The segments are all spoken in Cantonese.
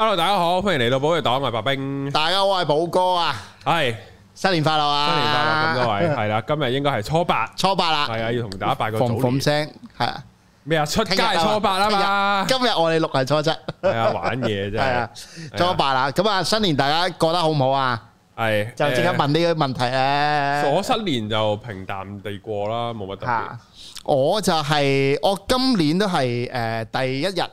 hello，大家好，歡迎嚟到寶藥黨，我係白兵。大家好，我係寶哥啊。係，新年快樂啊！新年快樂，咁多位係啦，今日應該係初八，初八啦。係啊，要同大家拜個早年。係咩啊？出街係初八啊嘛。今日我哋錄係初七。係啊，玩嘢啫。係啊，初八啦。咁啊，新年大家過得好唔好啊？係就即刻問呢個問題咧。我新年就平淡地過啦，冇乜特別。我就係我今年都係誒第一日。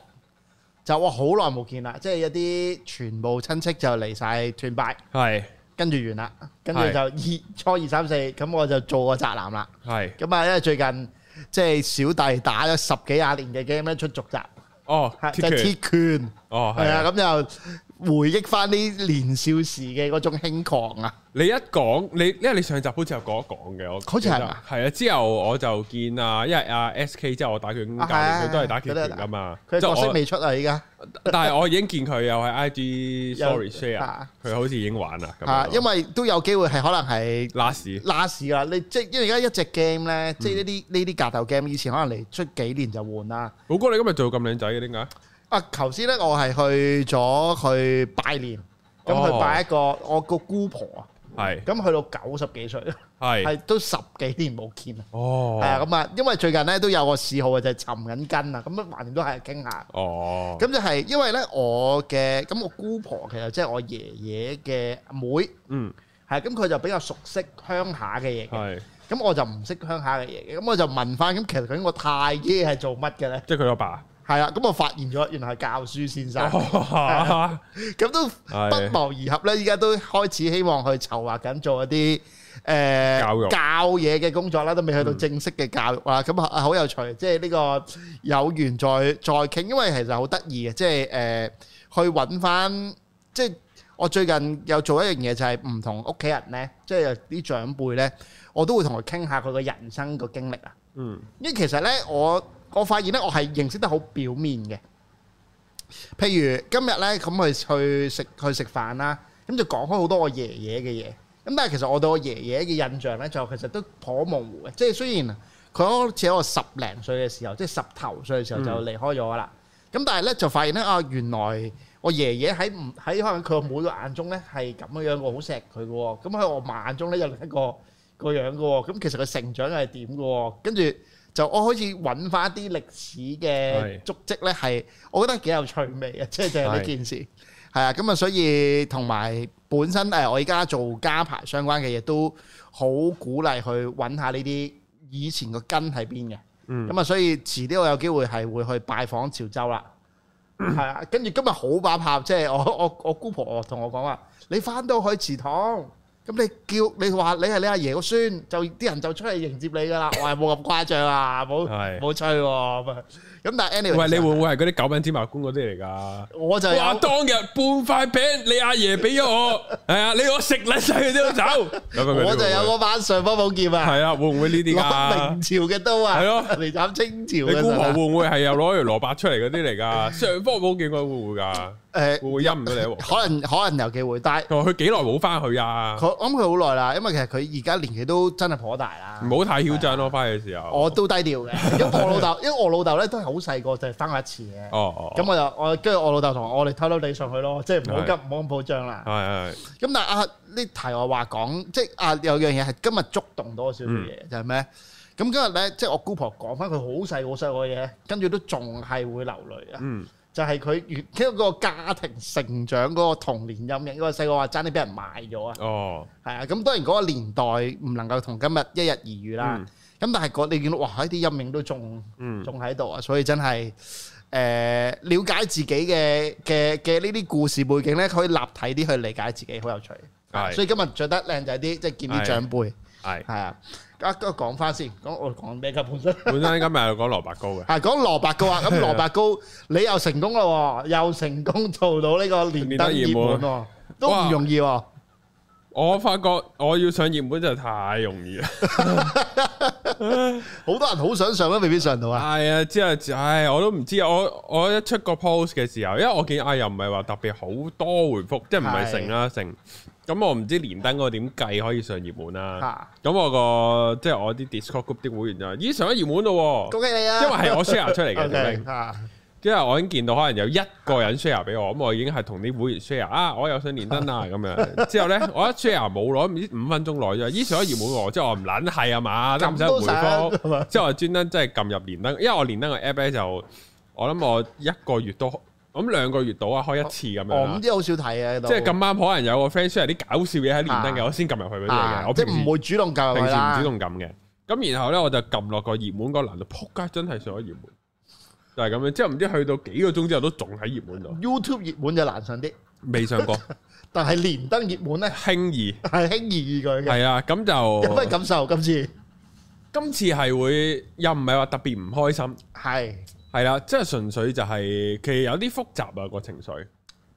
就我好耐冇見啦，即係有啲全部親戚就嚟晒團拜，係是跟住完啦，跟住就二是初二三四，咁我就做個宅男啦，係咁啊！因為最近即係、就是、小弟打咗十幾廿年嘅 game 咧，出續集，哦，即係鐵拳，就是、un, 哦係啊，咁就。.回憶翻啲年少時嘅嗰種輕狂啊！你一講你，因為你上集好似有講一講嘅，我好似係係啊，之後我就見啊，因為啊 S K 之後我打拳，佢都係打拳拳噶嘛。佢角色未出啊，依家。但係我已經見佢又係 I G Sorry share 佢好似已經玩啦。啊，因為都有機會係可能係拉屎拉屎啦。你即係因為而家一隻 game 咧，即係呢啲呢啲格鬥 game，以前可能你出幾年就換啦。寶哥，你今日做咁靚仔嘅點解？啊！頭先咧，我係去咗去拜年，咁、哦、去拜一個我個姑婆啊。係是。咁去到九十幾歲，係係是都十幾年冇見啦。哦。係啊，咁啊，因為最近咧都有個嗜好嘅就係尋緊根啊。咁啊，橫掂都係傾下。哦。咁就係因為咧，我嘅咁我姑婆其實即係我爺爺嘅妹。嗯。係。咁佢就比較熟悉鄉下嘅嘢嘅。咁是我就唔識鄉下嘅嘢嘅，咁我就問翻。咁其實嗰個太爺係做乜嘅咧？即係佢阿爸。係啦，咁我發現咗，原來係教書先生，咁 都不謀而合咧。依家都開始希望去籌劃緊做一啲誒、呃、教育教嘢嘅工作啦，都未去到正式嘅教育啊。咁啊、嗯，好有趣，即係呢個有緣再再傾。因為其實好得意嘅，即係誒去揾翻，即、就、係、是、我最近有做一樣嘢，就係、是、唔同屋企人咧，即係啲長輩咧，我都會同佢傾下佢嘅人生個經歷啊。嗯，因為其實咧我。我發現咧，我係認識得好表面嘅。譬如今日咧，咁我去食去食飯啦，咁、嗯、就講開好多我爺爺嘅嘢。咁但係其實我對我爺爺嘅印象咧，就其實都頗模糊嘅。即係雖然佢好似喺我十零歲嘅時候，即係十頭歲嘅時候就離開咗啦。咁、嗯、但係咧就發現咧，啊原來我爺爺喺唔喺可能佢個妹個眼中咧係咁嘅樣，我好錫佢嘅。咁喺我媽眼中咧又另一個個樣嘅。咁其實佢成長係點嘅？跟住。就我開始揾翻啲歷史嘅足跡呢係是我覺得幾有趣味嘅，即係就係、是、呢件事係是啊。咁啊，所以同埋本身誒，我而家做家牌相關嘅嘢都好鼓勵去揾下呢啲以前個根喺邊嘅。嗯，咁啊，所以遲啲我有機會係會去拜訪潮州啦。係、嗯、啊，跟住今日好把炮，即、就、係、是、我我我，我姑婆同我講話，你翻到去祠堂。」咁你叫你話你係你阿爺個孫，就啲人就出嚟迎接你噶啦，我係冇咁誇張啊，冇冇 吹喎、啊。咁但 anyway，你會唔會係嗰啲九品芝麻官嗰啲嚟㗎？我就話當日半塊餅，你阿爺俾咗我，係啊，你我食曬曬佢都走。我就有嗰把尚方寶劍啊！係啊，會唔會呢啲㗎？明朝嘅刀啊！係咯，嚟斬清朝。你姑婆會唔會係又攞條蘿蔔出嚟嗰啲嚟㗎？尚方寶劍應該會唔會㗎？誒，會唔會陰唔到你？可能可能有機會，但係佢幾耐冇翻去啊？我諗佢好耐啦，因為其實佢而家年紀都真係頗大啦。唔好太囂張咯，翻去嘅時候。我都低調嘅，因為我老豆，因為我老豆咧都係好。好細個就係生過一次嘅，咁我就我跟住我老豆同我哋偷偷哋上去咯，即係唔好急，唔好咁誇張啦。係係。咁但係阿呢題我話講，即係啊有樣嘢係今日觸動到少少嘢，就係咩？咁今日咧，即係我姑婆講翻佢好細好細個嘢，跟住都仲係會流淚啊。嗯，就係佢越經過家庭成長嗰個童年陰影，因為細個話爭啲俾人賣咗啊。哦、嗯，係啊。咁當然嗰個年代唔能夠同今日一日而語啦。嗯嗯咁但係你見到哇，呢啲陰影都仲，仲喺度啊！所以真係，誒、呃，瞭解自己嘅嘅嘅呢啲故事背景咧，可以立體啲去理解自己，好有趣。係是，所以今日着得靚仔啲，即係見啲長輩。係，係啊，啊，都講翻先。咁我講咩？佢本身本身今日係講蘿蔔糕嘅。係講蘿蔔糕啊！咁蘿蔔糕，你又成功啦喎！又成功做到呢個連登熱門喎，都唔容易喎。我發覺我要上熱門就太容易啦，好多人好想上都、啊、未必上到啊。係啊、哎，之後，唉，我都唔知，我我一出個 post 嘅時候，因為我見啊、哎、又唔係話特別好多回覆，即係唔係成啦成。咁、嗯、我唔知連登嗰點計可以上熱門啦、啊。咁、啊嗯、我個即係我啲 Discord group 啲會員啊，咦上咗熱門咯，恭喜你啊！因為係我 share 出嚟嘅。 okay, 啊因為我已經見到可能有一個人 share 俾我，咁、啊、我已經係同啲會員 share 啊，我又想連登啊咁樣。之後咧我一 share 冇耐，唔知五分鐘內啫，咦上咗熱門喎。之後我唔撚係啊嘛，都唔想回覆。之後我專登即係撳入連登，因為我連登個 app 咧就我諗我一個月都咁兩個月到啊，開一次咁樣。咁啲好少睇啊，啊即係咁啱可能有個 friend share 啲搞笑嘢喺連登嘅，啊、我先撳入去嗰啲嘅。啊、我即唔會主動撳啦，平時唔主動撳嘅。咁然後咧我就撳落個熱門嗰欄難度，撲街真係上咗熱門。就係咁樣，之後唔知去到幾個鐘之後都仲喺熱門度。YouTube 熱門就難上啲，未上過，但係連登熱門咧，輕易係輕易易舉。係啊，咁就有咩感受？今次今次係會又唔係話特別唔開心，係係啦，即係純粹就係其實有啲複雜啊個情緒。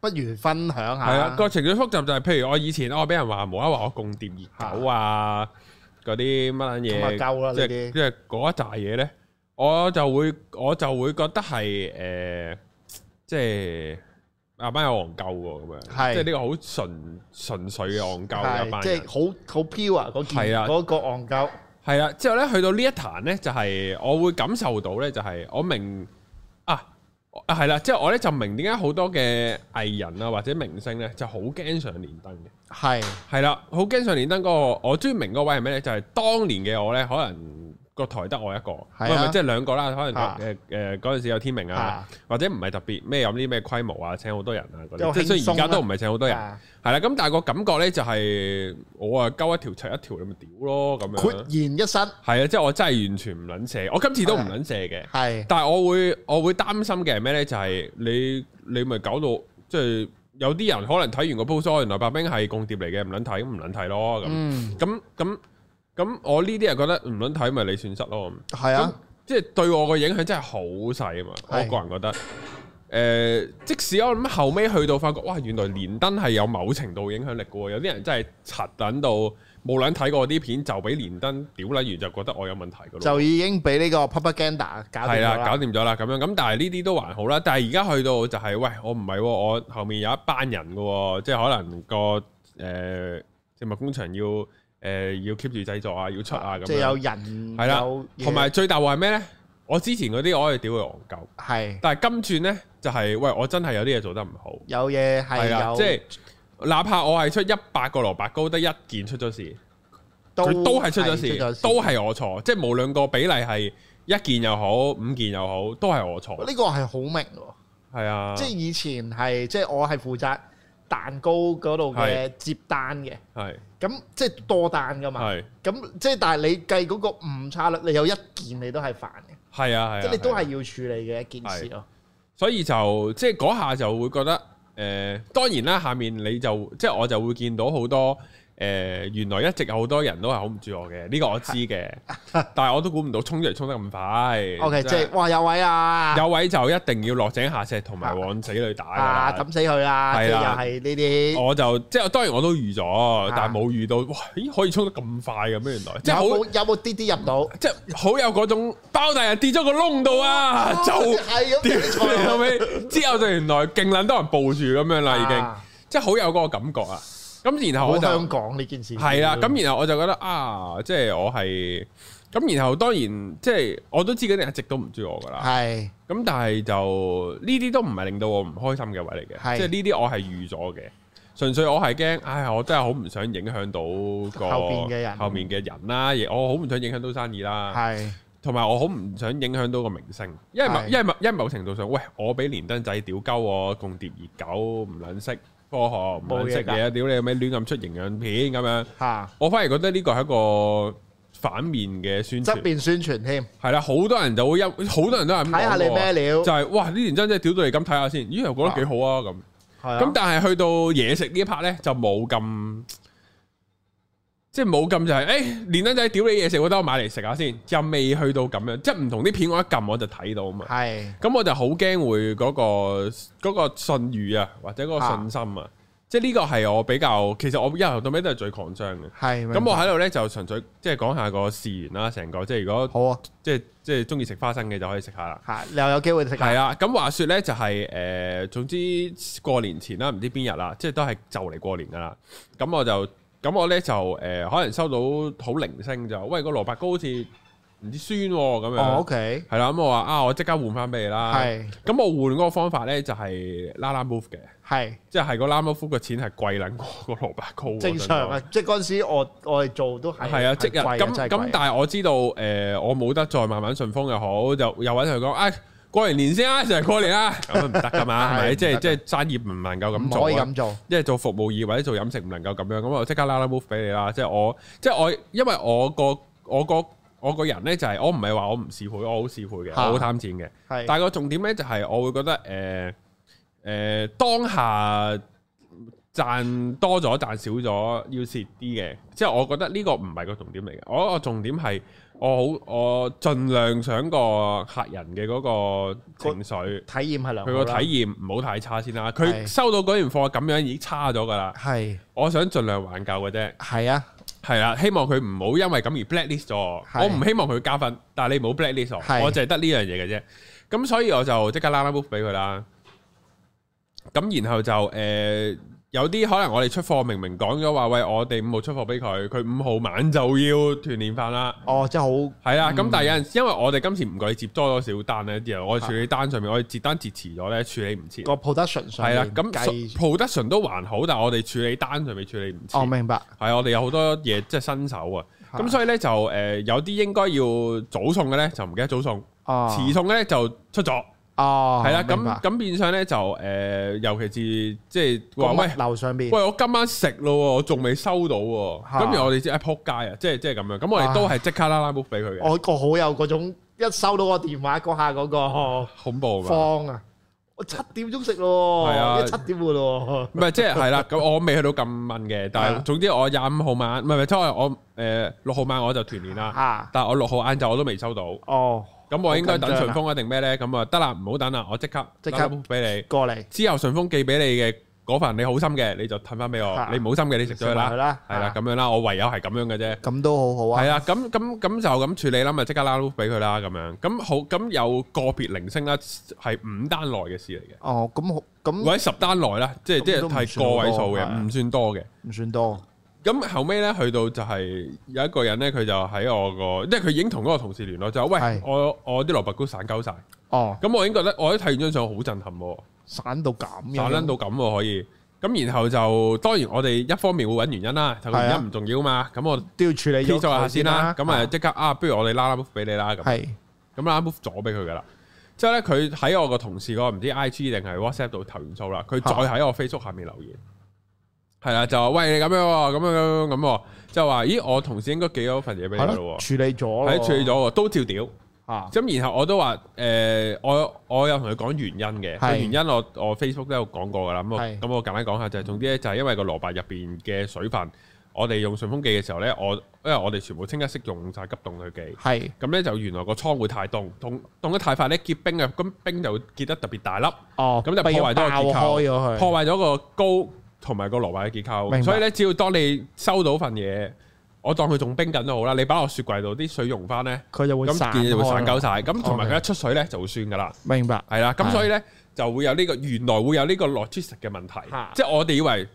不如分享下。係啊，個情緒複雜就係，譬如我以前我俾人話，無啦啦我共碟熱狗啊，嗰啲乜嘢，即係即係嗰一紮嘢咧。我就會我就會覺得係誒，即係阿班有戇鳩喎，咁樣係即係呢個好純純粹嘅戇鳩嘅班人，即係好好飄啊嗰件，係啊嗰個戇鳩係啊！之後咧去到呢一壇咧，就係我會感受到咧，就係我明啊啊係啦！即係我咧就明點解好多嘅藝人啊或者明星咧就好驚上連登嘅係，係啦，好驚上連登嗰個我最明嗰位係咩咧？就係當年嘅我咧可能。個台得我一個，唔係即係兩個啦，可能誒誒嗰陣時有天明啊，啊或者唔係特別咩有啲咩規模啊，請好多人啊嗰啲，即係雖然而家都唔係請好多人，係啦、啊。咁、啊、但係個感覺咧就係、是、我啊鳩一條拆一條，你咪屌咯咁樣。豁然一身係啊！即、就、係、是、我真係完全唔撚射，我今次都唔撚射嘅。係、啊，啊、但係我會我會擔心嘅係咩咧？就係、是、你你咪搞到即係、就是、有啲人可能睇完個 post，原來白兵係共諜嚟嘅，唔撚睇唔撚睇咯咁咁咁。咁我呢啲人覺得唔論睇咪你損失咯，咁、啊、即係對我個影響真係好細啊嘛！是我個人覺得，誒、呃、即使我諗後尾去到發覺，哇原來連登係有某程度影響力嘅喎，有啲人真係柒等到冇論睇過我啲片就俾連登屌甩完就覺得我有問題嘅咯，就已經俾呢個 propaganda 搞掂係啦、啊，搞掂咗啦咁樣咁，但係呢啲都還好啦。但係而家去到就係、是，喂我唔係我後面有一班人嘅喎，即係可能個誒植、呃、物工場要。誒，要 keep 住製作啊，要出啊，咁樣係啦。同埋最大鑊係咩呢？我之前嗰啲我係屌佢戇狗，係。但係今轉呢，就係喂，我真係有啲嘢做得唔好，有嘢係。係啊，即係哪怕我係出一百個蘿蔔糕，得一件出咗事，佢都係出咗事，都係我錯。即係無論個比例係一件又好，五件又好，都係我錯。呢個係好明。係啊，即係以前係即係我係負責蛋糕嗰度嘅接單嘅。係。咁即係多單㗎嘛？咁係即係但係你計嗰個誤差率，你有一件你都係煩嘅。係啊，係啊，即係你都係要處理嘅一件事咯。啊啊啊、所以就即係嗰下就會覺得，誒、呃、當然啦，下面你就即係我就會見到好多。誒，原來一直有好多人都係 hold 唔住我嘅，呢個我知嘅，但係我都估唔到衝出嚟衝得咁快。O K，即係哇有位啊，有位就一定要落井下石，同埋往死裏打啊，抌死佢啦，即係又係呢啲。我就即係當然我都預咗，但係冇預到，哇咦可以衝得咁快咁樣，原來即係有冇有冇啲啲入到，即係好有嗰種包大人跌咗個窿度啊，就係咁，之後就原來勁捻多人抱住咁樣啦，已經即係好有嗰個感覺啊。咁然後我就想講呢件事係啦，咁然後我就覺得啊，即係我係咁，然後當然即係我都知嗰啲一直都唔中意我噶啦，係咁是的，但係就呢啲都唔係令到我唔開心嘅位嚟嘅，是的 即係呢啲我係預咗嘅，純粹我係驚，唉，我真係好唔想影響到個後面嘅人啦，我好唔想影響到生意啦，係，同埋我好唔想影響到個明星，因為因為某程度上，喂，我俾連登仔屌鳩我，共諜熱狗唔撚識。科學唔識嘢啊！屌、哦、你有咩亂咁出營養片咁樣？嚇、啊！我反而覺得呢個係一個反面嘅宣側面宣傳添。係啦、啊，好多人都會一好多人都係睇下你咩料，就係、是、哇呢件真真屌到你咁睇下先。咦？又覺得幾好啊咁。係。咁、啊、但係去到嘢食一呢一 part 咧，就冇咁。即係冇撳就係，誒、欸，連登仔屌你嘢食，我得我買嚟食下先，又未去到咁樣，即係唔同啲片，我一撳我就睇到啊嘛。係是，咁我就好驚會嗰、嗰個、嗰個信譽啊，或者嗰個信心啊，是即係呢個係我比較，其實我一頭到尾都係最誇張嘅。係，咁我喺度咧就純粹即係講下個事源啦、啊，成個即係如果好啊，即係即係中意食花生嘅就可以食下啦。吓，又有機會食係啊。咁話說咧就係、是，誒、呃，總之過年前啦、啊，唔知邊日啦，即係都係就嚟過年噶啦。咁我就。咁我咧就誒、呃、可能收到好零星就，喂個蘿蔔糕好似唔知酸咁、啊、樣、哦，OK，係啦，咁我話啊，我即刻換翻俾你啦。係的，咁我換嗰個方法咧就係、是、Lalamove 嘅，係的，即係個 Lalamove 嘅錢係貴撚過那個蘿蔔糕。正常啊，即係嗰陣時我我哋做都係係啊，即日的。咁咁的，但係我知道誒、呃，我冇得再慢慢順風又好，就又又同佢講啊。哎過完年先啦，成日過年啦，啊，咁唔得噶嘛，係咪即係即係生意唔能夠咁做、啊、做，即係做服務業或者做飲食唔能夠咁樣，咁我即刻拉拉 move 俾你啦，即、就、係、是、我即係、就是、我，因為我個我個我個人咧就係我唔係話我唔市儈，我好市儈嘅，我好貪的錢嘅，的但係個重點咧就係我會覺得誒誒、呃呃、當下。賺多咗賺少咗要蝕啲嘅，即係我覺得呢個唔係個重點嚟嘅。我個重點係我好我盡量想個客人嘅嗰個情緒體驗係佢個體驗唔好太差先啦。佢收到嗰件貨咁樣已經差咗噶啦。係我想盡量挽救嘅啫。係啊，係啦，希望佢唔好因為咁而 blacklist 咗我。我唔希望佢加分，但係你唔好 blacklist 我。我就係得呢樣嘢嘅啫。咁所以我就即刻拉拉 book 俾佢啦。咁然後就誒。有啲可能我哋出貨明明講咗話喂，我哋五號出貨俾佢，佢五號晚就要團年飯啦。哦，真係好係啊！咁但係有陣時，因為我哋今次唔夠接多咗少單咧啲我哋處理單上面我哋接單接遲咗咧，處理唔切。個 production 係啦，咁 production 都還好，但係我哋處理單上面處理唔切。哦，明白，係啊，我哋有好多嘢即係新手啊，咁所以咧就誒有啲應該要早送嘅咧就唔記得早送，遲送咧就出咗。哦，係啦，咁咁變相咧就誒，尤其是即係喂，樓上邊，喂我今晚食咯，我仲未收到，咁而我哋即係撲街啊，即係即係咁樣，咁我哋都係即刻拉拉 book 俾佢嘅。我個好有嗰種一收到個電話嗰下嗰個恐怖慌啊！我七點鐘食咯，已經七點半咯。唔係即係係啦，咁我未去到咁問嘅，但係總之我廿五號晚唔係唔係即係我誒六號晚我就團年啦，但係我六號晏晝我都未收到。哦。咁我應該等順豐啊定咩咧？咁啊得啦，唔好等啦，我即刻即刻俾你過嚟。之後順豐寄俾你嘅嗰份，你好心嘅你就褪翻俾我，啊、你唔好心嘅你食咗佢啦，係啦咁樣啦，我唯有係咁樣嘅啫。咁都好好啊。係啦，咁咁咁就咁處理啦，咪即刻拉 l o 俾佢啦，咁樣咁好咁有個別零星啦，係五單內嘅事嚟嘅。哦，咁咁。或者十單內啦，即係即係係個位數嘅，唔算，算多嘅，唔算多。咁後尾咧，去到就係有一個人咧，佢就喺我個，即係佢已經同嗰個同事聯絡咗。喂，是我我啲蘿蔔糕散鳩晒哦。咁我已經覺得，我睇完張相好震撼，散到咁，啊，散到咁，啊啊、可以。咁然後就，當然我哋一方面會搵原因啦，啊、但原因唔重要嘛。咁我都要處理，撇咗下先啦。咁啊，即、啊、刻啊，不如我哋拉拉 book 俾你啦。係，咁拉拉 book 咗俾佢噶啦。之後咧，佢喺我個同事個唔知 IG 定係 WhatsApp 度投完訴啦。佢再喺我 Facebook 下面留言。啊係啦，就話喂，你咁樣，咁樣咁樣咁，就話咦，我同事應該寄咗份嘢俾你咯，處理咗，係處理咗，都照屌。咁然後我都話誒，我我有同佢講原因嘅，的原因我我 Facebook 都有講過、嗯、的剛剛講過噶啦。咁我簡單講下就係、是，總之咧就係、是、因為個蘿蔔入邊嘅水分，我哋用順豐寄嘅時候咧，我因為我哋全部清一色用晒急凍去寄，係咁咧就原來個倉會太凍，凍凍，凍得太快咧結冰嘅，咁冰就會結得特別大粒，哦，咁就破壞咗個結構，破壞咗個糕。同埋個蘿蔔嘅結構，所以咧，只要當你收到份嘢，我當佢仲冰緊都好啦。你擺落雪櫃度，啲水溶翻咧，佢就會咁，啲就會散鳩晒。咁同埋佢一出水咧，就會酸噶啦。明白，係啦。咁所以咧，就會有呢個原來會有呢個 logistic 嘅問題。即係我哋以為，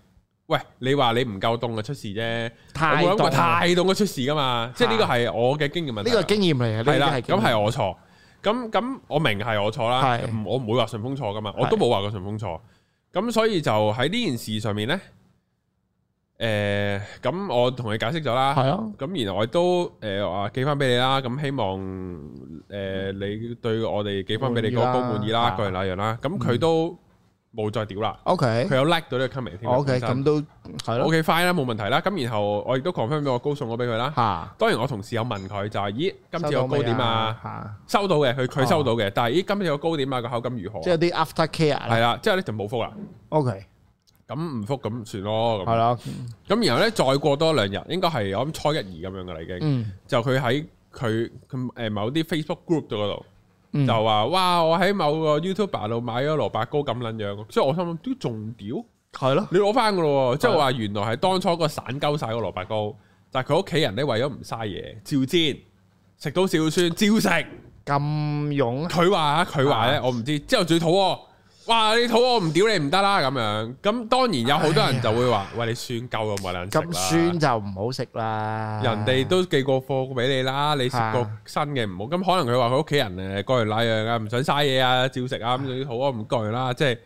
喂，你話你唔夠凍嘅出事啫，太凍，太凍嘅出事噶嘛。即係呢個係我嘅經驗問題，呢個經驗嚟嘅。係啦，咁係我錯，咁咁我明係我錯啦。我唔會話順豐錯噶嘛，我都冇話過順豐錯。咁所以就喺呢件事上面咧，誒、呃、咁我同你解釋咗啦，係啊，咁然後我都誒話、呃、寄翻俾你啦，咁希望誒、呃、你對我哋寄翻俾你嗰個滿意啦，嗰樣那樣啦，咁佢都冇再屌啦，OK，佢有 like 到呢個 comment 添，OK，咁都係啦，OK fine 啦，冇問題啦。咁然後我亦都 confirm 咗個糕送咗俾佢啦。嚇，當然我同事有問佢就係咦，今次有糕點啊，嚇，收到嘅，佢佢收到嘅。但係咦，今次有糕點啊，個口感如何？即係啲 aftercare 啦。係啦，之後咧就冇覆啦。OK，咁唔覆咁算咯。係啦，咁然後咧再過多兩日，應該係我諗初一二咁樣嘅啦，已經。就佢喺佢誒某啲 Facebook group 度度。嗯、就話哇，我喺某個 YouTuber 度買咗蘿蔔糕咁撚樣，所以我心諗都仲屌，係咯？的你攞翻噶咯？即係話原來係當初個散鳩晒個蘿蔔糕，但係佢屋企人咧為咗唔嘥嘢，照煎食到少，少酸，照食咁勇。佢話佢話咧，的我唔知之後最肚餓。哇！你肚餓唔屌你唔得啦咁樣，咁當然有好多人就會話：喂，你酸夠嘅冇得食啦。咁酸就唔好食啦。人哋都寄過貨俾你啦，你食個新嘅唔好。咁可能佢話佢屋企人誒過完瀨樣啊，唔想嘥嘢啊，照食啊咁。好，我唔過完啦。即係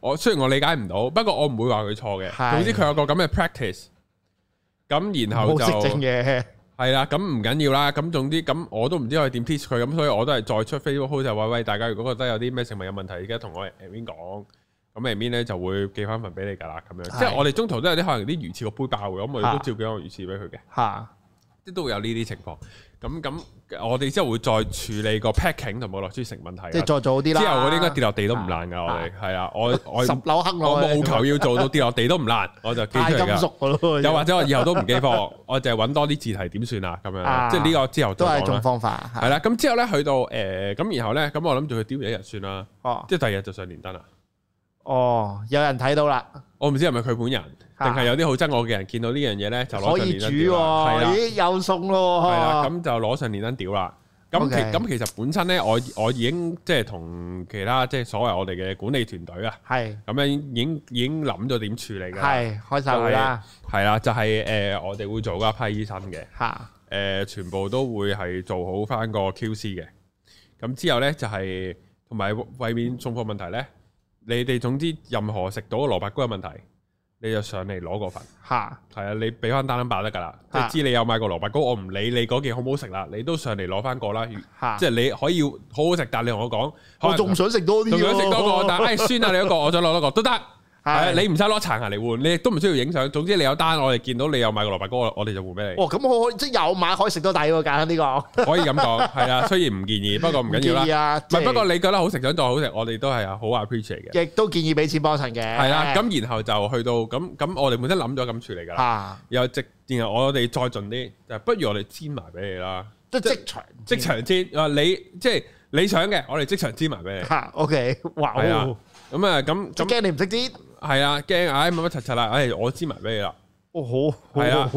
我雖然我理解唔到，不過我唔會話佢錯嘅。總之佢有個咁嘅 practice，咁然後就冇食正嘢。係啦，咁唔緊要啦，咁總之咁我都唔知可以點貼佢，咁所以我都係再出 Facebook post 話喂大家，如果覺得有啲咩食物有問題，而家同我 Amin 講，咁 Amin 咧就會寄翻份俾你噶啦，咁樣即係我哋中途都有啲可能啲魚翅個杯爆，咁我哋都照寄個魚翅俾佢嘅。即都會有呢啲情況，咁咁我哋之後會再處理個 packing 同埋落書成問題。即係再早啲之後我應該跌落地都唔爛㗎，我哋係啊，我我十樓黑落我無求要做到跌落地都唔爛，我就寄出嚟㗎。大金屬咯，又或者我以後都唔寄貨，我淨係揾多啲字題點算啊？咁樣即係呢個之後都係一種方法。係啦，咁之後咧去到誒咁，然後咧咁我諗住去丟一日算啦。哦，即係第二日就上連登啦。哦，有人睇到啦。我唔知係咪佢本人。定係有啲好憎我嘅人，見到呢樣嘢咧就攞上連登屌。可以煮喎，哦，了咦又送咯，係啦，咁就攞上連登屌啦。咁其咁其實本身咧，我我已經即係同其他即係、就是、所謂我哋嘅管理團隊啊，係咁是樣已經已經諗咗點處理嘅，係開晒胃啦，係啦、就是，就係、是、誒、呃，我哋會做一批醫生嘅吓，誒是、呃，全部都會係做好翻個 QC 嘅。咁之後咧就係同埋為免送貨問題咧，你哋總之任何食到蘿蔔糕嘅問題。你就上嚟攞嗰份，嚇哈，係啊，你俾翻單冧巴得㗎啦。即係哈知你有買過蘿蔔糕，我唔理你嗰件好唔好食啦，你都上嚟攞翻個啦，哈即係你可以好好食，但你同我講，我仲想食多啲，啊，仲想食多個， 但係、哎、酸啊你嗰、那個，我再攞多個都得。係，你唔使攞橙啊，嚟換，你都唔需要影相，總之你有單，我哋見到你有買個蘿卜糕，我哋就換俾你。哇，咁我可以即係有買可以食到抵㗎呢個。可以咁講，係啦，雖然唔建議，不過唔緊要啦。係，不過你覺得好食想再好食，我哋都係好 appreciate 嘅。亦都建議俾錢幫襯嘅。係啦，咁然後就去到咁咁，我哋本身諗咗咁處理噶。吓，又即然後我哋再盡啲，不如我哋煎埋俾你啦。即係場，即場煎你即係你想嘅，我哋即場煎埋俾你。OK 哇，咁啊，咁，唔驚你唔識煎。係啊，驚啊！哎，乜乜柒柒啦！哎，我煎埋俾你啦，哦好，係樣啊，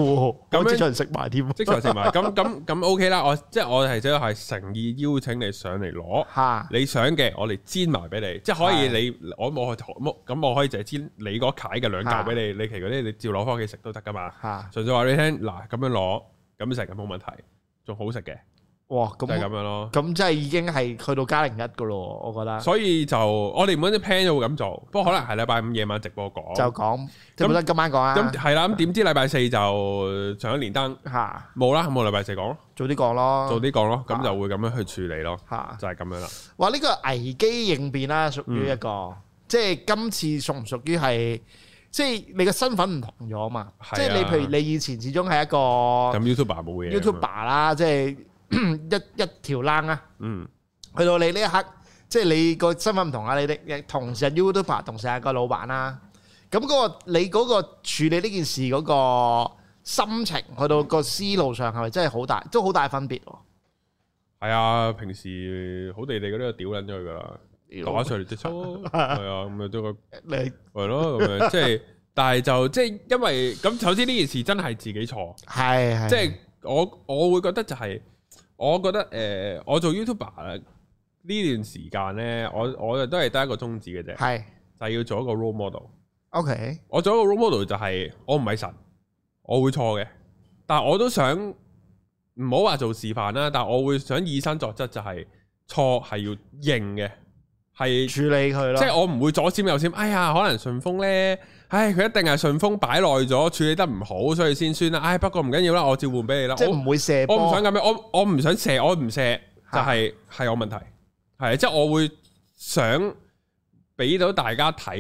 咁即場食埋添，即場食埋，咁咁咁 OK 啦，我即係我係即係誠意邀請你上嚟攞，哈你想嘅我嚟煎埋俾你，即係可以你是我我咁，咁我，我可以就煎你嗰楷嘅兩嚿俾你，哈你其他啲你照攞翻屋企食都得噶嘛，純哈粹話你聽，嗱咁樣攞咁食咁冇問題，仲好食嘅。哇咁，係咁樣咯，咁即係已經係去到加零一噶咯，我覺得。所以就我哋唔揾啲 plan 都會咁做，不過可能係禮拜五夜晚直播講，就講，得唔得今晚講啊？咁係啦，咁點知禮拜四就上一年單吓，冇啦，冇禮拜四講咯，早啲講咯，早啲講咯，咁就會咁樣去處理咯，吓，就係咁樣啦。哇，呢個危機應變啦，屬於一個，即係今次屬唔屬於係，即係你個身份唔同咗嘛？即係你譬如你以前始終係一個咁 YouTuber 冇嘢，YouTuber 啦，即係。一 一條冷啊！嗯，去到你呢一刻，即係你個身份唔同，同，YouTuber, 同啊！那那個、你哋亦同時係 YouTuber，t u 同時係個老闆啦。咁嗰個你嗰個處理呢件事嗰個心情，去到個思路上，係咪真係好大，都好大分別？係啊，平時好地地嗰啲就屌撚咗佢㗎喇，攞出嚟直出。係啊， 咪對個咪係咯，即係、 就是，但係就即係因為咁。首先呢件事真係自己錯，係係的，即係、就是、我我會覺得就係、是。我覺得誒、呃，我做 YouTuber 呢段時間呢，我我都係得一個宗旨嘅啫，係就係要做一個 role model。OK，我做一個 role model 就係我唔係神，我會錯嘅，但係我都想唔好話做示範啦，但係我會想以身作則，就係錯係要認嘅。係是處理佢咯，即係我唔會左閃右閃。哎呀，可能順豐咧，唉、哎，佢一定係順豐擺耐咗，處理得唔好，所以先算啦。唉、哎，不過唔緊要啦，我照換俾你啦。我唔會射，我唔想咁樣，我我唔想射，我唔射就係係我問題。係即係我會想俾到大家睇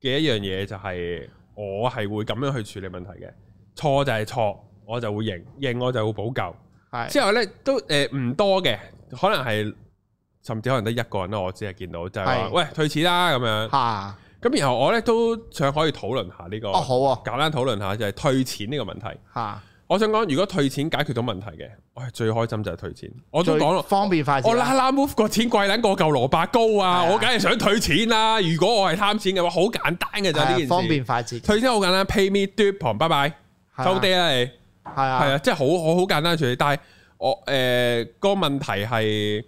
嘅一樣嘢，就係我係會咁樣去處理問題嘅。錯就係錯，我就會認認，我就會補救。的之後咧都誒唔、呃、多嘅，可能係。甚至可能得一個人咯，我只係見到就係話，喂退錢啦咁樣。吓咁然後我咧都想可以討論下呢個哦好啊，簡單討論下就係退錢呢個問題吓。我想講如果退錢解決到問題嘅，我係最開心就係退錢。我都講咯，方便快捷。我 Lalamove 個錢貴緊個嚿蘿蔔糕啊，我梗係想退錢啦。如果我係貪錢嘅話，好簡單嘅就呢件事，方便快捷。退錢好簡單，Pay me deep on 拜拜收嗲啦你係啊係啊，即係好我好簡單處理。但係我誒個問題係。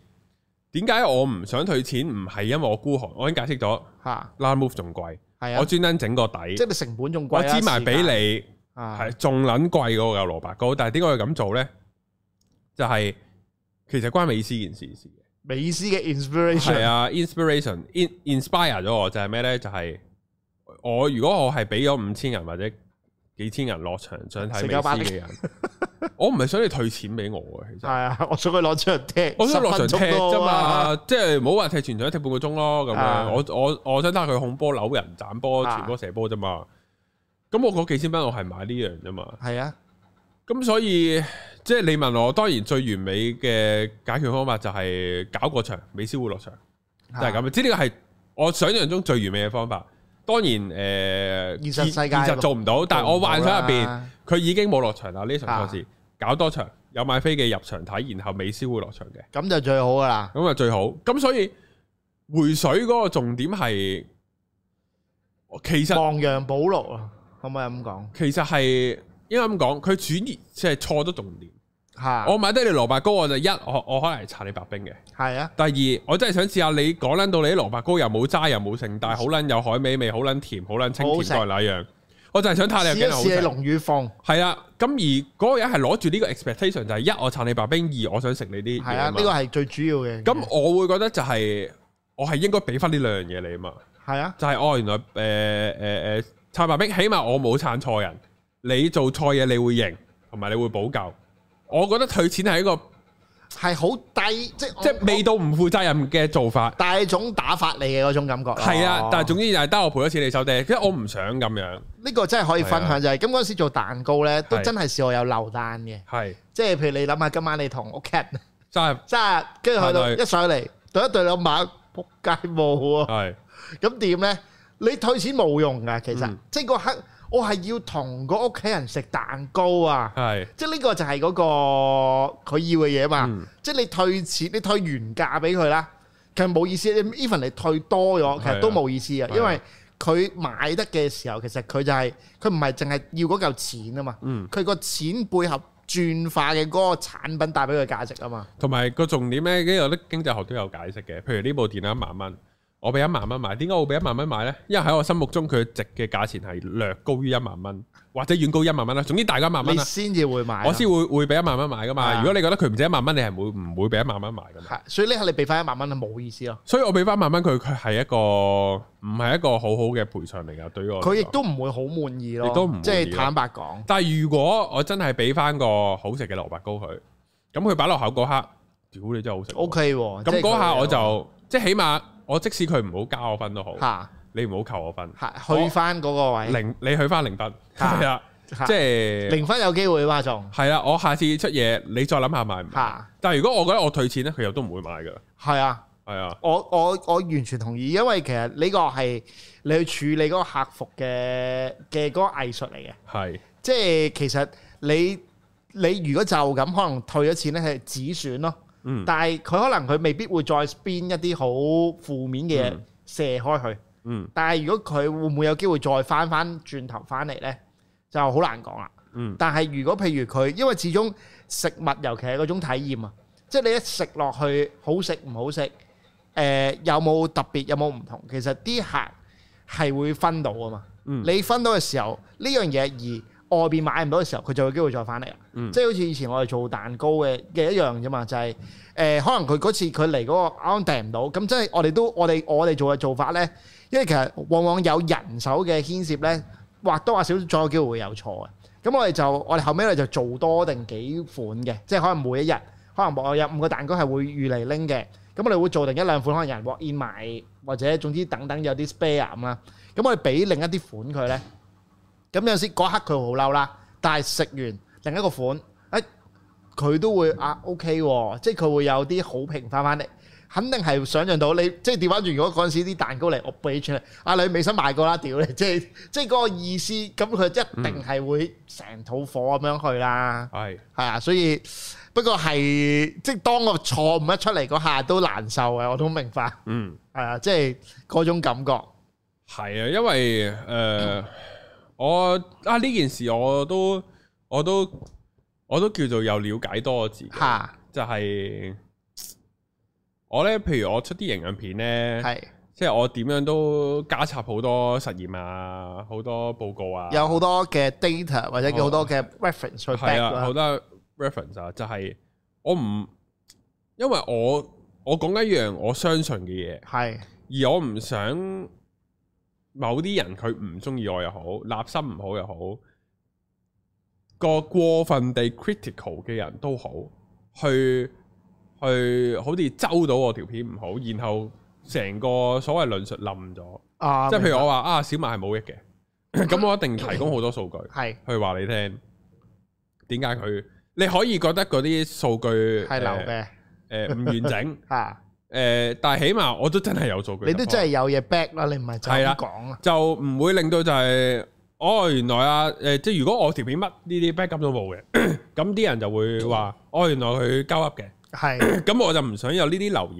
點解我唔想退錢？唔係因為我孤寒，我已經解釋咗。吓哈，拉 move 仲貴，啊、我專登整個底，即係咪成本仲貴，啊？我支埋俾你，係仲捻貴嗰個有蘿蔔糕。但係點解要咁做咧？就係、是、其實關美思件事事嘅。美思嘅 inspiration 係啊，inspiration inspire insp 咗我就係咩咧？就係、是就是、我如果我係俾咗五千人或者。幾千人落場想睇美斯嘅人，我唔係想你退錢俾我啊，其實係啊， 我想佢攞出嚟踢，我想落場踢啫嘛、啊，即係唔好話踢全場踢半個鐘咯，咁、啊、樣，我我我想睇下佢控波、扭人、斬、斬波、傳波、啊、射波啫嘛，咁我嗰幾千蚊我係買呢樣啫嘛，係啊，咁所以即係、就是、你問我，當然最完美嘅解決方法就係搞個場，美斯會落場，係、就、咁、是、啊，即呢個係我想象中最完美嘅方法。當然，誒、呃、現實世界就做唔到，到但係我幻想入邊，佢、啊、已經冇落場啦。呢場賽事、啊、搞多場，有買飛嘅入場睇，然後美斯會落場嘅。咁就最好噶啦。咁啊最好，咁所以回水嗰個重點係，其實亡羊補牢啊，可唔可以咁講？其實係應該咁講，佢轉移即係錯咗重點。啊、我買得你蘿蔔糕，我就一我我可能撐你白兵嘅，係啊。第二，我真係想試下你講捻到你啲蘿蔔糕又冇渣又冇剩，但係好捻有海味味，好捻甜，好捻清甜在那樣。我就係想睇你有幾好食。龍與鳳係啊。咁而嗰個人係攞住呢個 expectation，就係一我撐你白兵，二我想食你啲。係啊，呢個係最主要嘅。咁我會覺得就係、是、我係應該俾翻呢兩樣嘢你嘛。係啊，就係、是、哦，原來誒誒誒撐白兵，起碼我冇撐錯人。你做錯嘢你會認，同埋你會補救。我覺得退錢係一個係好低，即即未到唔負責任嘅做法。但係種打發你嘅嗰種感覺。係、哦、啊，但係總之就係得我賠咗錢你收地。即係我唔想咁樣。呢個真係可以分享、啊、就係咁嗰時做蛋糕咧，都真係試過有漏單嘅。係是，即係譬如你諗下今晚你同屋企人真係真係，跟住去到一上嚟對的一對兩馬撲街冇啊！係是，咁點咧？你退錢冇用噶，其實即係個我係要同個屋企人食蛋糕啊！係是，即係呢個就係嗰個佢要嘅嘢嘛。嗯、即係你退錢，你退原價俾佢啦。其實冇意思，even 你退多咗，其實都冇意思啊，因為佢買得嘅時候，其實佢就係佢唔係淨係要嗰嚿錢啊嘛。嗯，佢個錢背後轉化嘅嗰個產品帶俾佢價值啊嘛。同埋個重點咧，啲有啲經濟學都有解釋嘅，譬如呢部電腦一萬蚊。我俾一萬蚊買，點解我會俾一萬蚊買呢？因為喺我心目中佢值嘅價錢係略高於一萬蚊，或者遠高於一萬蚊啦。總之大過一萬蚊，你先至會買，我先會會俾一萬蚊買噶嘛。如果你覺得佢唔值一萬蚊，你係唔會唔會俾一萬蚊買噶嘛。所以呢下你俾翻一萬蚊，冇意思咯。所以我俾翻一萬蚊佢，佢係一個唔係一個好好嘅賠償嚟噶，對我。佢亦都唔會好滿意咯，即係坦白講。但係如果我真係俾翻個好食嘅蘿蔔糕佢，咁佢擺落口嗰刻，屌，你真係好食。O K，咁嗰下我就即係起碼。我即使佢唔好加我分都好，你唔好扣我分，去翻嗰個位零，你去翻零分係啦，即係零分有機會嘛，仲係啊，我下次出嘢，你再諗下買唔買？但係如果我覺得我退錢咧，佢又都唔會買噶啦。係啊，係啊，我我我完全同意，因為其實呢個係你去處理嗰個客服嘅嘅嗰個藝術嚟嘅。係，即係其實你你如果就咁，可能退咗錢咧係止損咯。但係佢可能佢未必會再 spin 一啲好負面嘅嘢射開佢。嗯，但係如果佢會唔會有機會再翻翻轉頭翻嚟呢？就好難講啦。嗯，但係如果譬如佢，因為始終食物尤其係嗰種體驗啊，即係你一食落去好食唔好食，誒、呃、有冇特別有冇唔同，其實啲客係會分到㗎嘛。嗯、你分到嘅時候呢樣嘢而。外邊買唔到嘅時候，佢就有機會再翻嚟啦。嗯、即係好似以前我哋做蛋糕嘅嘅一樣啫嘛，就係、是、誒、呃、可能佢嗰次佢嚟嗰個啱啱訂唔到，咁、嗯、即係我哋都我哋我哋做嘅做法咧，因為其實往往有人手嘅牽涉咧，或多或少再有機會會有錯嘅。咁、嗯、我哋就我哋後尾咧就做多定幾款嘅，即係可能每一日可能我有五個蛋糕係會預嚟拎嘅，咁、嗯、我哋會做定一兩款可能有人願意買或者總之等等有啲 spare 咁啦。咁、嗯、我哋俾另一啲款佢咧。咁有時嗰刻佢好嬲啦，但係食完另一個款，誒佢都會、嗯、啊 OK 喎、啊，即係佢會有啲好評翻翻嚟，肯定係想像到你即係調翻轉。如果嗰陣時啲蛋糕嚟，我杯穿啊，你未美心賣過啦，屌你！即係即係嗰個意思，咁佢一定係會成肚火咁樣去啦。係係、嗯、啊，所以不過係即係當我錯誤一出嚟嗰下都難受嘅，我都明白。嗯，係啊，即係嗰種感覺係啊，因為誒。呃嗯我啊，呢件事我都我都我都叫做有了解多自己，哈就係我咧。譬如我出啲營養片咧，係是即係我點樣都加插好多實驗啊，好多報告啊，有好多嘅 data 或者叫好多嘅 reference、啊、去 back 好多 reference 啊，就係、是、我唔因為我我講緊一樣我相信嘅嘢，係是而我唔想。某啲人佢唔中意我又好，立心唔好又好，個過分地 critical 嘅人都好，去去好似周到我條片唔好，然後成個所謂論述冧咗，啊、即係譬如我話白啊，小麥係冇益嘅，咁 我一定提供好多數據 是，係去話你聽，點解佢？你可以覺得嗰啲數據係流嘅，誒唔、呃呃、完整 啊。誒，但係起碼我都真係有做嘅，你都真係有嘢 back 啦，你唔係就咁講啊，就唔會令到就係，哦原來啊，誒即係如果我條片乜呢啲 backup 都冇嘅，咁啲人就會話，哦原來佢交屈嘅，係，咁我就唔想有呢啲留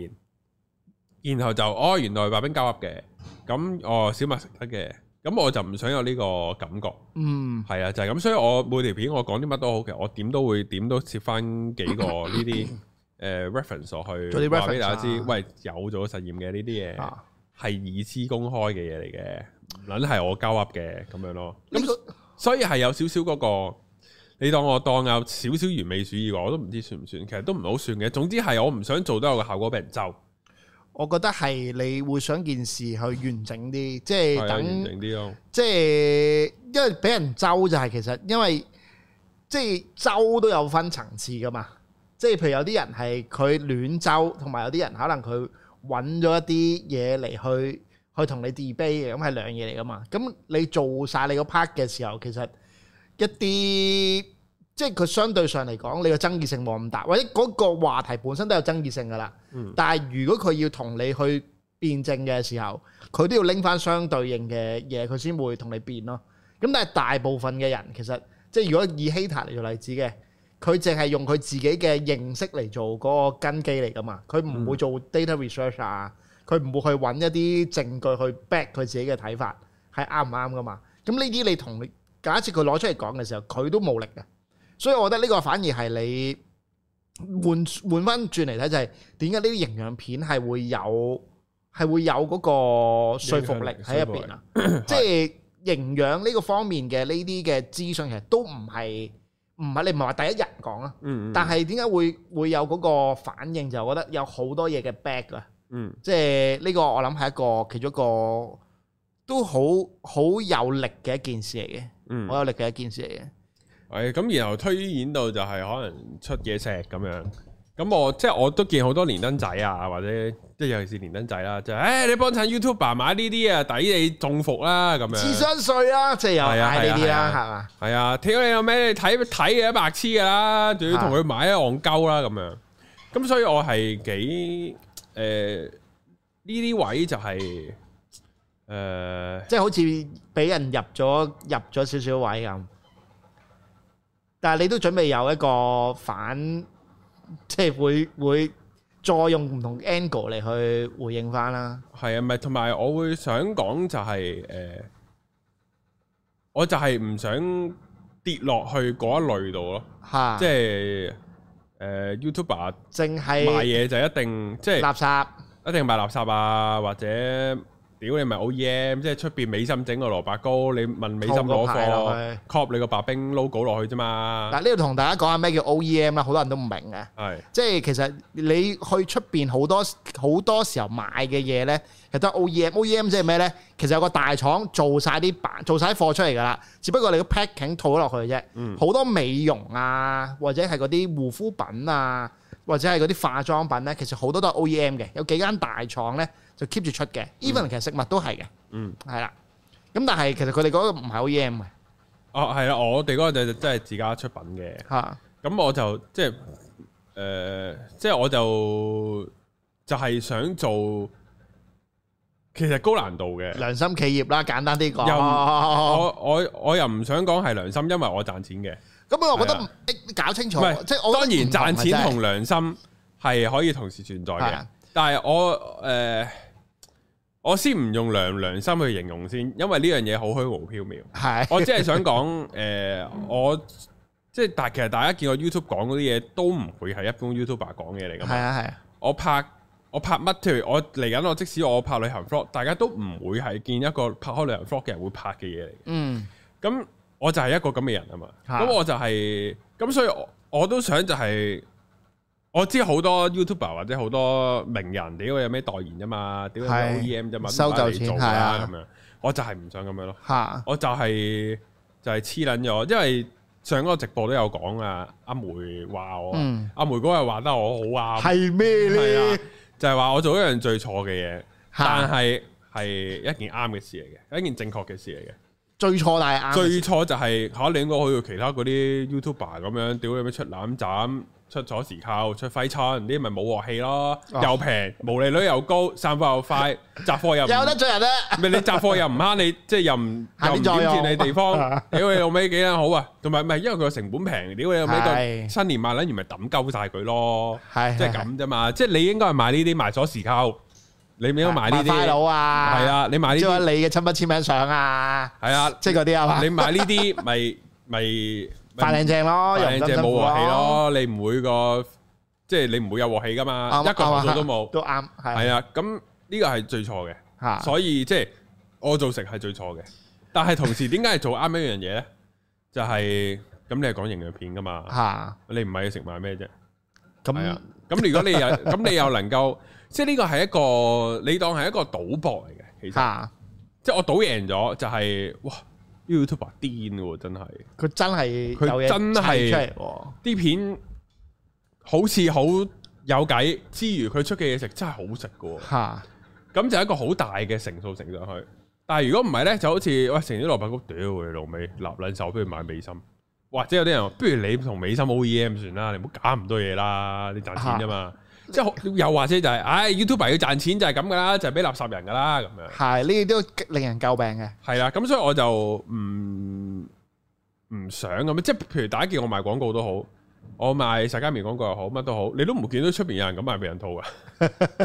言，然後就，哦原來白兵交屈嘅，咁哦小麥食得嘅，咁我就唔想有呢個感覺，嗯，係啊就係咁，所以我每條片我講啲乜都好嘅，我點都會點都切翻幾個呢啲。誒、呃、reference 去 re ference，大家知，啊、喂有咗實驗嘅呢啲嘢係已知公開嘅嘢嚟嘅，唔撚係我交噏嘅咁樣咯。咁、這個、所以係有少少嗰、那個，你當我當有少少完美主義，我都唔知算唔算。其實都唔好算嘅。總之係我唔想做到有個效果俾人周。我覺得係你會想件事去完整啲，即係等、啊、完整啲咯即。即係因為俾人周就係其實因為即係周都有分層次噶嘛。即係譬如有啲人係佢亂周，同埋有啲人可能佢揾咗一啲嘢嚟去去同你 debate 嘅，咁係兩嘢嚟噶嘛。咁你做晒你個 part 嘅時候，其實一啲即係佢相對上嚟講，你個爭議性冇咁大，或者嗰個話題本身都有爭議性噶啦。但係如果佢要同你去辯證嘅時候，佢都要拎翻相對應嘅嘢，佢先會同你辯咯。咁但係大部分嘅人其實即係如果以 hater 嚟做例子嘅。佢淨係用佢自己嘅認識嚟做嗰個根基嚟㗎嘛，佢唔會做 data research 啊，佢唔會去揾一啲證據去 back 佢自己嘅睇法，係啱唔啱㗎嘛？咁呢啲你同假設佢攞出嚟講嘅時候，佢都冇力嘅，所以我覺得呢個反而係你換換翻轉嚟睇，就係點解呢啲營養片係會有係會有嗰個說服力喺入邊啊？即係營養呢個方面嘅呢啲嘅資訊其實都唔係。唔係，你唔係話第一日講啊，嗯嗯，但係點解會會有嗰個反應？就覺得有好多嘢嘅 back 啊，即係呢個我諗係一個其中一個都好好有力嘅一件事嚟嘅，嗯、好有力嘅一件事嚟嘅。係咁，哎，然後推演到就係可能出嘢石咁樣。咁我即係我都見好多年登仔啊，或者即係尤其是年登仔啦，啊，就係誒，你幫襯 YouTuber 買呢啲啊，抵你中伏啦，咁樣智商稅啦，即係又買呢啲啦，係嘛？係啊，睇到你有咩，啊，你睇睇嘅白痴噶，啊、啦，仲要同佢買一、啊，戇鳩啦咁樣。咁所以我係幾誒呢啲位就係，是、誒，呃、即係好似俾人入咗入咗少少位咁，但係你都準備有一個反。即係會會再用唔同 angle 嚟去回應翻啦。係啊，咪同埋我會想講就係、是、誒、呃，我就係唔想跌落去嗰一類度咯。係，即係誒、呃、，YouTuber 淨係賣嘢就一定即係垃圾，一定賣垃圾啊，或者。屌你咪 OEM，即係出邊美心整個蘿蔔糕，你問美心攞貨，cop 你個白冰 logo 落去啫嘛。嗱呢度同大家講下咩叫 OEM 啦，好多人都唔明嘅。係的，即係其實你去出邊好多好多時候買嘅嘢咧，其實都係 OEM，OEM 即係咩咧？其實有個大廠做晒啲板，做晒啲貨出嚟噶啦，只不過你個 packaging 套咗落去啫。好多美容啊，或者係嗰啲護膚品啊。或者係嗰啲化妝品咧，其實好多都係 OEM 嘅，有幾間大廠咧就 keep 住出嘅。even 其實食物都係嘅，嗯，係啦。咁但係其實佢哋嗰個唔係 OEM 嘅。哦、啊，係啦，我哋嗰個就真係自家出品嘅。嚇、啊，咁我就即係誒，即係我就就係想做其實高難度嘅良心企業啦，簡單啲講。又，我我我又唔想講係良心，因為我賺錢嘅。咁我覺得誒、啊、搞清楚，唔係當然賺錢同良心係可以同時存在嘅，啊、但係我誒、呃、我先唔用良良心去形容先，因為呢樣嘢好虛無縹緲。係，我只係想講誒，我即係但其實大家見我 YouTube 講嗰啲嘢都唔會係一般 YouTuber 講嘢嚟㗎。嘛、啊啊。我拍我拍乜？譬如我嚟緊，我，我即使我拍旅行 vlog 大家都唔會係見一個拍開旅行 vlog 嘅人會拍嘅嘢嚟。啊、嗯，咁、嗯。我就係一個咁嘅人啊嘛，咁、啊、我就係、是、咁，所以我，我都想就係、是、我知好多 YouTuber 或者好多名人屌我有咩代言啫嘛，屌我有 OEM 啫嘛，收就都做啦咁樣。啊、我就係唔想咁樣咯，我就係就係黐撚咗，因為上嗰個直播都有講啊。阿梅話我，嗯、阿梅嗰日話得我好啱，係咩咧？就係、是、話我做一樣最錯嘅嘢，啊、但係係一件啱嘅事嚟嘅，係一件正確嘅事嚟嘅。最初但係，最初就係嚇你應該去到其他嗰啲 YouTuber 咁樣，屌你咪出攬枕，出鎖匙扣，出揮春啲咪冇鑊氣咯，又平，毛利率又高，散貨又快，雜貨又有 得罪人啦。咪你雜貨又唔慳，你即係又唔又唔點你地方，屌你老味幾撚好啊！同埋咪因為佢個成本平，屌你老味個新年萬能元咪抌鳩晒佢咯，即係咁啫嘛！即係你應該係賣呢啲賣鎖匙扣。你點樣買呢啲？大佬啊！係啊，你買啲你嘅親筆簽名相啊！係啊，即係嗰啲啊，你買呢啲咪咪快靚正咯，快靚正冇鑊氣咯。你唔會個即係你唔會有鑊氣噶嘛，一個投訴都冇，都啱係。係啊，咁呢個係最錯嘅，所以即係我做食係最錯嘅。但係同時，點解係做啱一樣嘢咧？就係咁，你係講營養片噶嘛？吓，你唔係食埋咩啫？咁啊，咁如果你又咁，你又能夠？即係呢個係一個，你當係一個賭博嚟嘅，其實，哈即係我賭贏咗就係、是、哇，YouTuber 癲喎真係，佢真係佢真係啲片好似好有計之餘，佢出嘅嘢食真係好食嘅吓，咁就一個好大嘅成數成上去。但係如果唔係咧，就好似喂成啲蘿蔔糕屌你老味，立兩手不如買美心，或者有啲人話不如你同美心 OEM 算啦，你唔好搞咁多嘢啦，你賺錢啫嘛。哈即係又或者就係、是，唉、啊、，YouTuber 要賺錢就係咁噶啦，就係、是、俾垃圾人噶啦，咁樣。係呢啲都令人詬病嘅。係啦，咁所以我就唔唔想咁樣，即係譬如大家見，我賣廣告都好，我賣食街面廣告又好，乜都好，你都唔見到出邊有人咁賣避孕套嘅。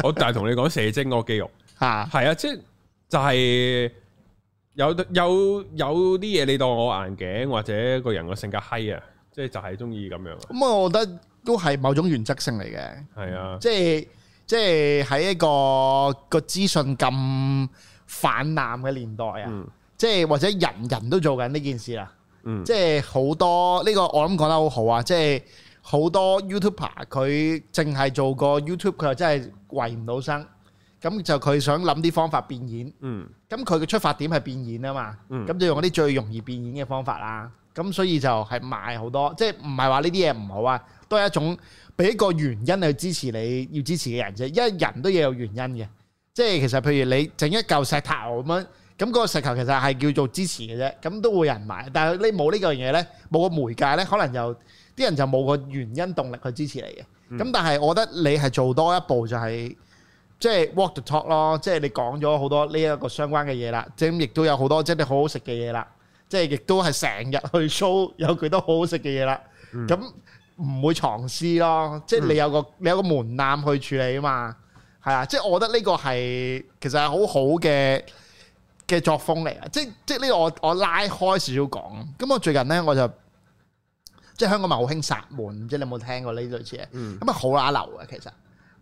我就係同你講射精嗰個肌肉嚇，係啊，即係就係、是、有有有啲嘢你當我眼鏡或者個人個性格嗨啊，即係就係中意咁樣。咁我覺得。都係某種原則性嚟嘅，係啊、嗯，即係即係喺一個一個資訊咁泛濫嘅年代啊，嗯、即係或者人人都做緊呢件事啊、嗯這個。即係好多呢個我諗講得好好啊，即係好多 YouTuber 佢淨係做過 YouTube，佢又真係維唔到生，咁就佢想諗啲方法變現，嗯，咁佢嘅出發點係變現啊嘛，嗯，咁就用嗰啲最容易變現嘅方法啦，咁所以就係賣好多，即係唔係話呢啲嘢唔好啊？都係一種俾個原因去支持你要支持嘅人啫，因為人都要有原因嘅。即係其實譬如你整一嚿石頭咁樣，咁嗰個石頭其實係叫做支持嘅啫。咁都會有人買，但係你冇呢樣嘢呢，冇個媒介呢，可能就啲人就冇個原因動力去支持你嘅。咁但係我覺得你係做多一步就係即係 walk the talk 咯，即係你講咗好多呢一個相關嘅嘢啦，咁亦都有好多即係好好食嘅嘢啦，即係亦都係成日去 show 有幾多好好食嘅嘢啦。咁唔會藏私咯，即係你有個你有個門檻去處理啊嘛，係啊，即係我覺得呢個係其實係好好嘅嘅作風嚟啊！即即係呢個我我拉開少少講。咁我最近呢，我就即係香港咪好興殺門，唔知你有冇聽過呢類似嘢？咁啊好乸流啊。其實，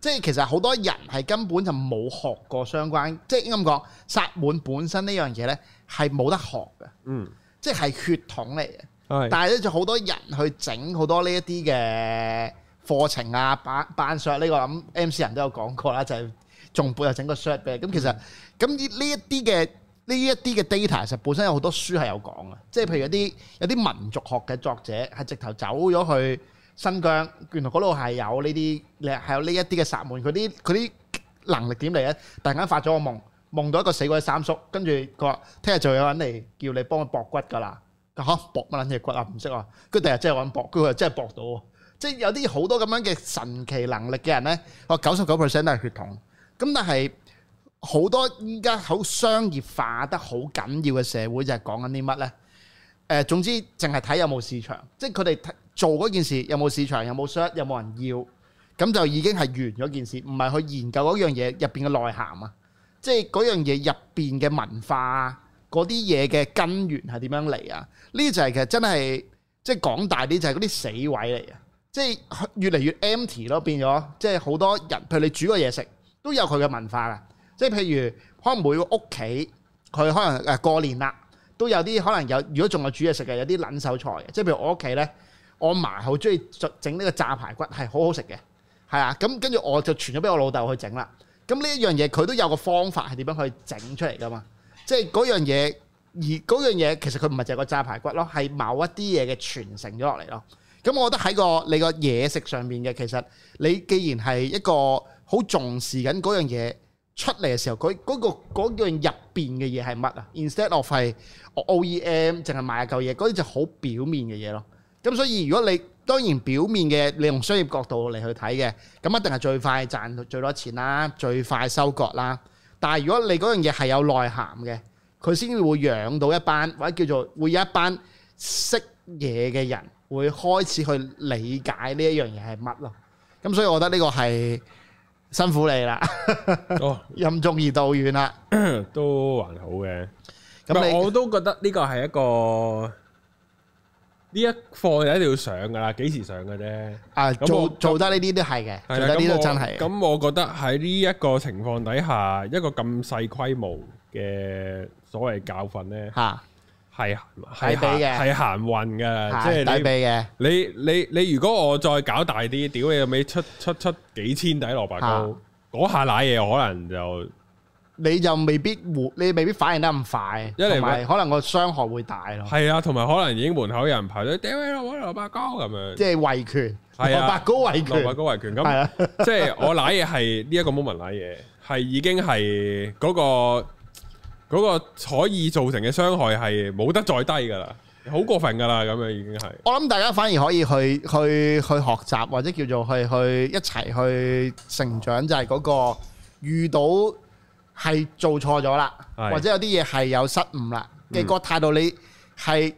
即係其實好多人係根本就冇學過相關，即係應該點講？殺門本身呢樣嘢呢，係冇得學嘅，嗯、即係血統嚟嘅。但係咧，就好多人去整好多呢一啲嘅課程啊，班班上呢、呢個咁 MC 人都有講過啦，就係仲背合整個 shot 嘅。咁其實咁呢呢一啲嘅呢一啲嘅 data，其實本身有好多書係有講啊，即係譬如有啲有啲民族學嘅作者係直頭走咗去新疆，原來嗰度係有呢啲係有呢一啲嘅薩滿，佢啲佢啲能力點嚟嘅？突然間發咗個夢，夢到一個死鬼三叔，跟住佢話聽日就有人嚟叫你幫佢駁骨㗎啦。嚇，搏乜撚嘢骨啊？唔識啊！佢第日真係搵搏，佢又真係搏到，即係有啲好多咁樣嘅神奇能力嘅人咧。我九十九 percent 都係血統，咁但係好多依家好商業化得好緊要嘅社會就，就係講緊啲乜咧？誒，總之淨係睇有冇市場，即係佢哋做嗰件事有冇市場，有冇 share，有冇人要，咁就已經係完咗件事，唔係去研究嗰樣嘢入邊嘅內涵啊！即係嗰樣嘢入邊嘅文化嗰啲嘢嘅根源係點樣嚟啊？呢就係其實真係即係講大啲，就係嗰啲死位嚟啊！即係越嚟越 empty 咯，變咗即係好多人。譬如你煮個嘢食，都有佢嘅文化啊。即係譬如可能每個屋企佢可能誒過年啦，都有啲可能有。如果仲有煮嘢食嘅，有啲撚手菜嘅。即係譬如我屋企咧，我阿嫲好中意整呢個炸排骨，係好好食嘅。係啊，咁跟住我就傳咗俾我老豆去整啦。咁呢一樣嘢佢都有個方法係點樣去整出嚟噶嘛？即係嗰樣嘢，而嗰樣嘢其實佢唔係淨係個炸排骨咯，係某一啲嘢嘅傳承咗落嚟咯。咁我覺得喺個你個嘢食上面嘅，其實你既然係一個好重視緊嗰樣嘢出嚟嘅時候，佢、那、嗰個嗰樣入邊嘅嘢係乜啊？Instead of 我 OEM 淨係賣下嚿嘢，嗰啲就好表面嘅嘢咯。咁所以如果你當然表面嘅，你用商業角度嚟去睇嘅，咁一定係最快賺到最多錢啦，最快收割啦。但係如果你嗰樣嘢係有內涵嘅，佢先會養到一班或者叫做會有一班識嘢嘅人，會開始去理解呢一樣嘢係乜咯。咁所以我覺得呢個係辛苦你啦，哦、 任重而道遠啦，都還好嘅。咁你我都覺得呢個係一個。呢一課又一定要上噶啦，幾時上嘅啫？啊，我做做得呢啲都係嘅，做得呢啲的真係。咁，我覺得喺呢一個情況底下，一個咁細規模嘅所謂教訓咧嚇，係係俾嘅，係行運嘅，即係抵俾嘅。你你你，你如果我再搞大啲，屌你尾出出出，出幾千底蘿蔔糕，嗰、啊、下奶嘢，可能就～你就未必，你未必反應得咁快，因為可能個傷害會大咯。係啊，同埋可能已經門口有人排到屌你老母牛百高咁樣，即係維權，牛百高維權，牛百高維權咁，即係我拉嘢係呢一個 moment 拉嘢，係已經係嗰個嗰個可以造成嘅傷害係冇得再低噶啦，好過分噶啦，咁樣已經係。我諗大家反而可以去去去學習，或者叫做去去一齊去成長，就係嗰個遇到。係做錯咗啦，是或者有啲嘢係有失誤啦嘅個態度你，你係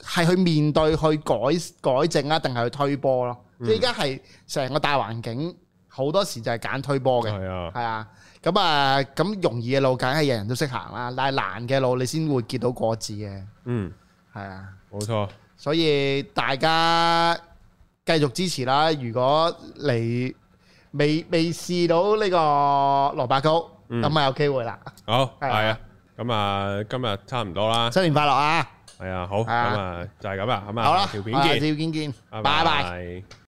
係去面對去改改正啊，定係去推波咯？即係而家係成個大環境好多時就係揀推波嘅，係啊，係啊。咁啊，咁容易嘅路梗係人人都識行啦，但係難嘅路你先會見到果子嘅，嗯，係啊，冇錯錯。所以大家繼續支持啦。如果你未未試到呢個蘿蔔糕，咁咪、嗯、有機會啦！好，係啊的，咁啊，今日差唔多啦。新年快樂啊！係啊，好，咁啊，就係咁啦，好嘛吧？好啦，條片見，條片見，拜拜。拜拜。